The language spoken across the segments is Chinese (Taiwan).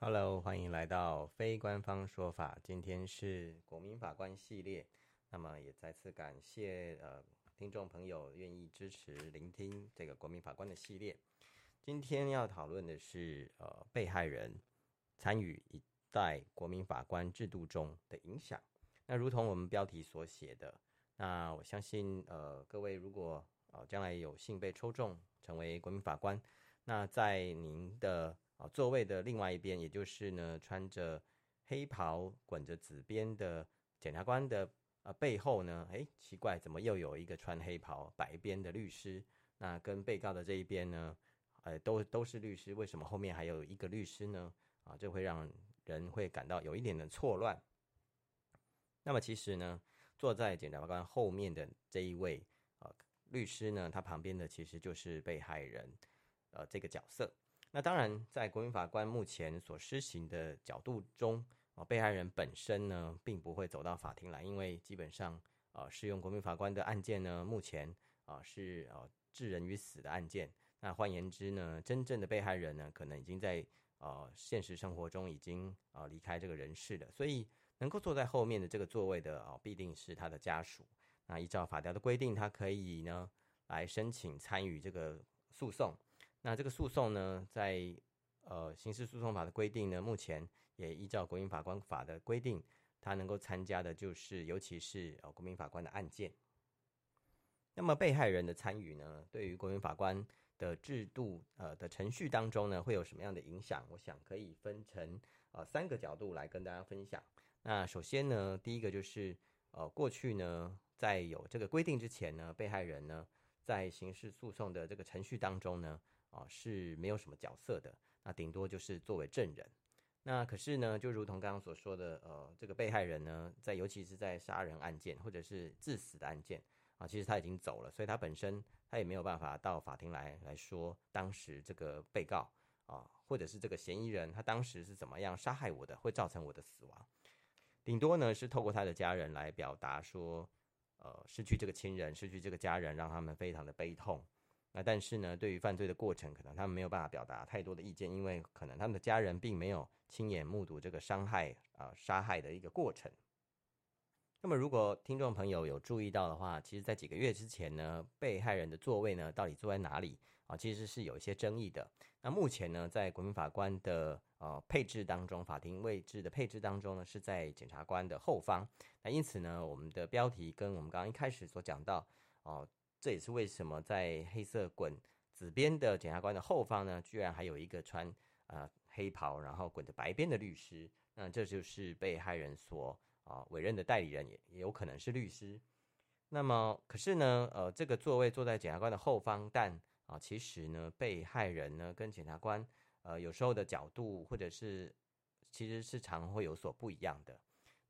Hello，歡迎來到非官方說法。今天是國民法官系列，那麼也再次感謝呃聽眾朋友願意支持聆聽這個國民法官的系列。今天要討論的是呃被害人參與在國民法官制度中的影響。那如同我們標題所寫的，那我相信呃各位如果、呃、將來有幸被抽中成為國民法官，那在您的啊，座位的另外一邊，也就是呢，穿着黑袍、滾着紫邊的檢察官的呃背後呢，哎、欸，奇怪，怎麼又有一個穿黑袍、白邊的律師？那跟被告的這一邊呢，呃、都都是律師，為什麼後面還有一個律師呢？啊，就會讓人會感到有一點的錯亂。那麼其實呢，坐在檢察官後面的這一位啊、呃、律師呢，他旁邊的其實就是被害人，呃，這個角色。那當然，在國民法官目前所施行的角度中，啊，被害人本身呢，並不會走到法庭來，因為基本上，啊、呃，適用國民法官的案件呢，目前啊、呃、是啊致、呃、人於死的案件。那換言之呢，真正的被害人呢，可能已經在啊、呃、現實生活中已經啊、呃、離開這個人世了。所以能夠坐在後面的這個座位的啊、呃，必定是他的家屬。那依照法條的規定，他可以呢來申請參與這個訴訟。那這個訴訟呢，在呃刑事訴訟法的規定，呢，目前也依照國民法官法的規定，他能夠參加的就是，尤其是呃國民法官的案件。那麼被害人的參與呢，對於國民法官的制度呃的程序當中呢，會有什麼樣的影響？我想可以分成呃三個角度來跟大家分享。那首先呢，第一個就是呃過去呢，在有這個規定之前呢，被害人呢在刑事訴訟的這個程序當中呢。啊、哦，是沒有什麼角色的，那頂多就是作為證人。那可是呢，就如同剛剛所說的，呃，這個被害人呢，在尤其是在殺人案件或者是致死的案件啊，其實他已經走了，所以他本身他也沒有辦法到法庭來來說當時這個被告啊，或者是這個嫌疑人他當時是怎麼樣殺害我的，會造成我的死亡。頂多呢，是透過他的家人來表達說，呃，失去這個親人，失去這個家人，讓他們非常的悲痛。但是呢，對於犯罪的過程，可能他們沒有辦法表達太多的意見，因為可能他們的家人並沒有親眼目睹這個傷害、啊、呃、殺害的一個過程。那麼，如果聽眾朋友有注意到的話，其實在幾個月之前呢，被害人的座位呢，到底坐在哪裡啊？其實是有一些爭議的。那目前呢，在國民法官的呃配置當中，法庭位置的配置當中呢，是在檢察官的後方。那因此呢，我們的標題跟我們剛剛一開始所講到哦。呃這也是為什麼在黑色滾紫邊的檢察官的後方呢，居然還有一個穿啊、呃、黑袍然後滾着白邊的律師，那這就是被害人所啊、呃、委任的代理人也，也有可能是律師。那麼可是呢，呃，這個座位坐在檢察官的後方，但啊、呃，其實呢，被害人呢跟檢察官呃有時候的角度或者是其實是常會有所不一樣的。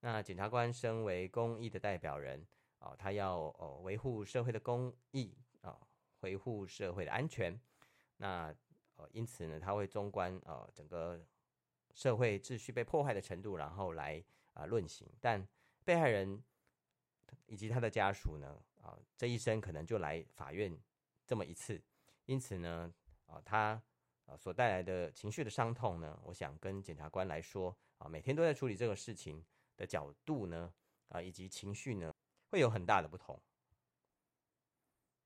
那檢察官身為公益的代表人。哦，他要哦維護社會的公益啊，哦，維護社會的安全。那、呃、因此呢，他會縱觀呃整個社會秩序被破壞的程度，然後來啊論刑。但被害人以及他的家屬呢，啊、呃，這一生可能就來法院這麼一次。因此呢，啊、呃，他啊、呃、所帶來的情緒的傷痛呢，我想跟檢察官來說啊、呃，每天都在處理這個事情的角度呢，啊、呃，以及情緒呢，會有很大的不同。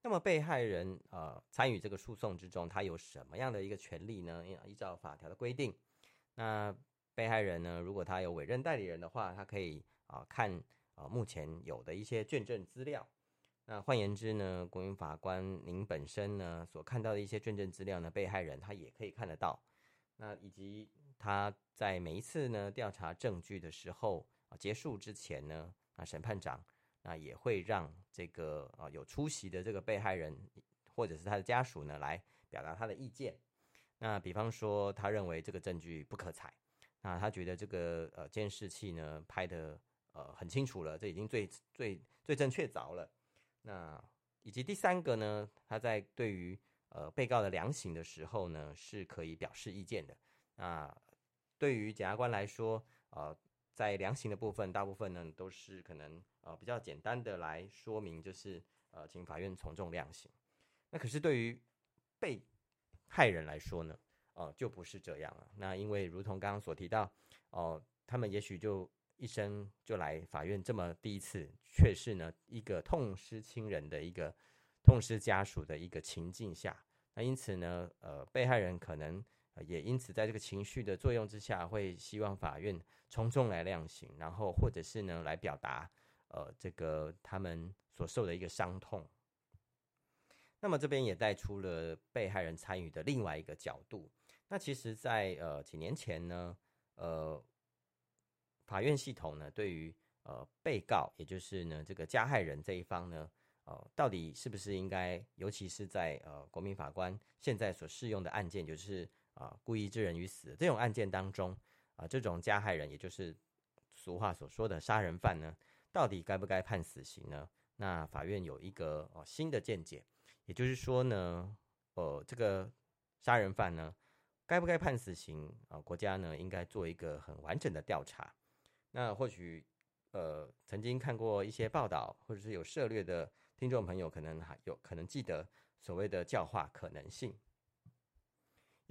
那麼被害人啊、呃，參與這個訴訟之中，他有什麼樣的一個權利呢？依照法條的規定，那被害人呢，如果他有委任代理人的話，他可以啊、呃、看啊、呃、目前有的一些卷證資料。那換言之呢，國民法官您本身呢所看到的一些卷證資料呢，被害人他也可以看得到。那以及他在每一次呢調查證據的時候啊結束之前呢，啊，審判長。那也會讓這個、呃、有出席的這個被害人或者是他的家屬呢來表達他的意見。那比方說，他認為這個證據不可採，那他覺得這個呃監視器呢拍得呃很清楚了，這已經最最最正確鑿了。那以及第三個呢，他在對於呃被告的量刑的時候呢是可以表示意見的。那對於檢察官來說，呃。在量刑的部分，大部分呢都是可能呃比較簡單的來說明，就是呃請法院從重量刑。那可是對於被害人來說呢，呃，就不是這樣了。那因為如同剛剛所提到，哦、呃、他們也許就一生就來法院這麼第一次，卻是呢一個痛失親人的一個痛失家屬的一個情境下。那因此呢，呃被害人可能。也因此，在這個情緒的作用之下，會希望法院從重、重來量刑，然後或者是呢來表達呃這個他們所受的一個傷痛。那麼這邊也帶出了被害人參與的另外一個角度。那其實在，在呃幾年前呢，呃法院系統呢對於呃被告，也就是呢這個加害人這一方呢，呃到底是不是應該，尤其是在呃國民法官現在所適用的案件，就是。啊、呃，故意致人於死這種案件當中，啊、呃，這種加害人，也就是俗話所說的殺人犯呢，到底該不該判死刑呢？那法院有一個哦、呃、新的見解，也就是說呢，呃，這個殺人犯呢，該不該判死刑啊、呃？國家呢應該做一個很完整的調查。那或許呃曾經看過一些報道，或者是有涉獵的聽眾朋友可，可能還有可能記得所謂的教化可能性。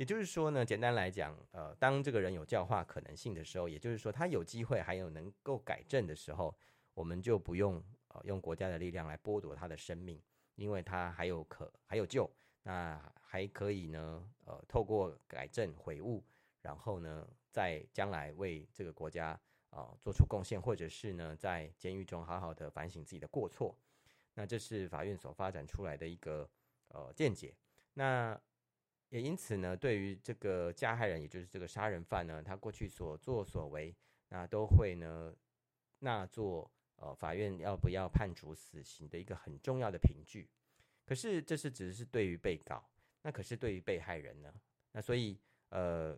也就是說呢，簡單來講，呃，當這個人有教化可能性的時候，也就是說他有機會還有能夠改正的時候，我們就不用呃用國家的力量來剝奪他的生命，因為他還有可還有救，那還可以呢，呃，透過改正悔悟，然後呢，在將來為這個國家啊，呃，做出貢獻，或者是呢在監獄中好好的反省自己的過錯，那這是法院所發展出來的一個呃見解，那。也因此呢，對於這個加害人，也就是這個殺人犯呢，他過去所作所為，那都會呢，那做呃，法院要不要判處死刑的一個很重要的憑據。可是這是只是對於被告，那可是對於被害人呢？那所以呃，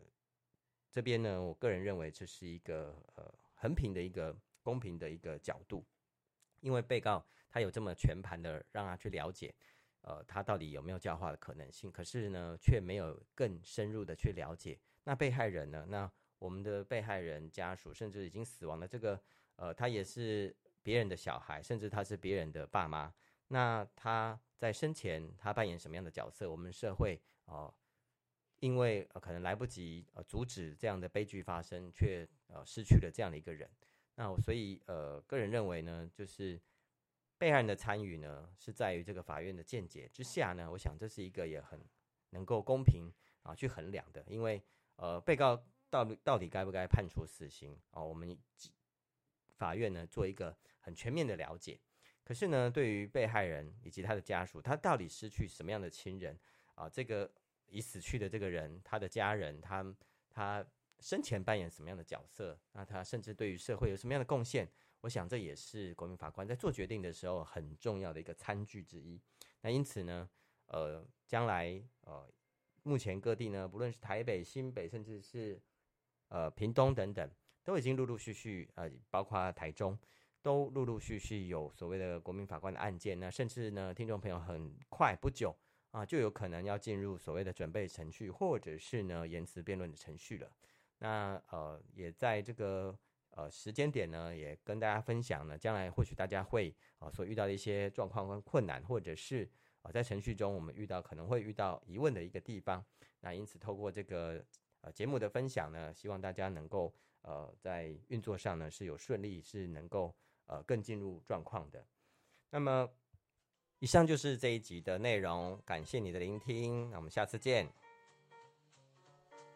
這邊呢，我個人認為這是一個呃，衡平的一個公平的一個角度，因為被告他有這麼全盤的讓他去了解。呃，他到底有沒有教化的可能性？可是呢，卻沒有更深入的去了解。那被害人呢？那我們的被害人家屬，甚至已經死亡的這個，呃，他也是別人的小孩，甚至他是別人的爸媽。那他在生前他扮演什麼樣的角色？我們社會啊，呃，因為，呃，可能來不及呃阻止這樣的悲劇發生，卻呃失去了這樣的一個人。那我所以呃，個人認為呢，就是。被害人的參與呢，是在於這個法院的見解之下呢，我想這是一個也很能夠公平啊去衡量的，因為呃，被告到底到底該不該判處死刑啊？我們法院呢，做一個很全面的了解。可是呢，對於被害人以及他的家屬，他到底失去什麼樣的親人啊？這個已死去的這個人，他的家人，他他生前扮演什麼樣的角色？那他甚至對於社會有什麼樣的貢獻？我想這也是國民法官在做決定的時候很重要的一個參據之一。那因此呢，呃，將來呃，目前各地呢，不論是台北、新北，甚至是呃屏東等等，都已經陸陸續續呃，包括台中，都陸陸續續有所謂的國民法官的案件。那甚至呢，聽眾朋友很快不久啊，就有可能要進入所謂的準備程序，或者是呢言詞辯論的程序了。那呃，也在這個。呃，時間點呢，也跟大家分享呢，將來或許大家會啊、呃、所遇到的一些狀況跟困難，或者是啊、呃、在程序中我們遇到可能會遇到疑問的一個地方。那因此，透過這個呃節目的分享呢，希望大家能夠呃在運作上呢是有順利，是能夠呃更進入狀況的。那麼，以上就是這一集的內容，感謝你的聆聽，那我們下次見。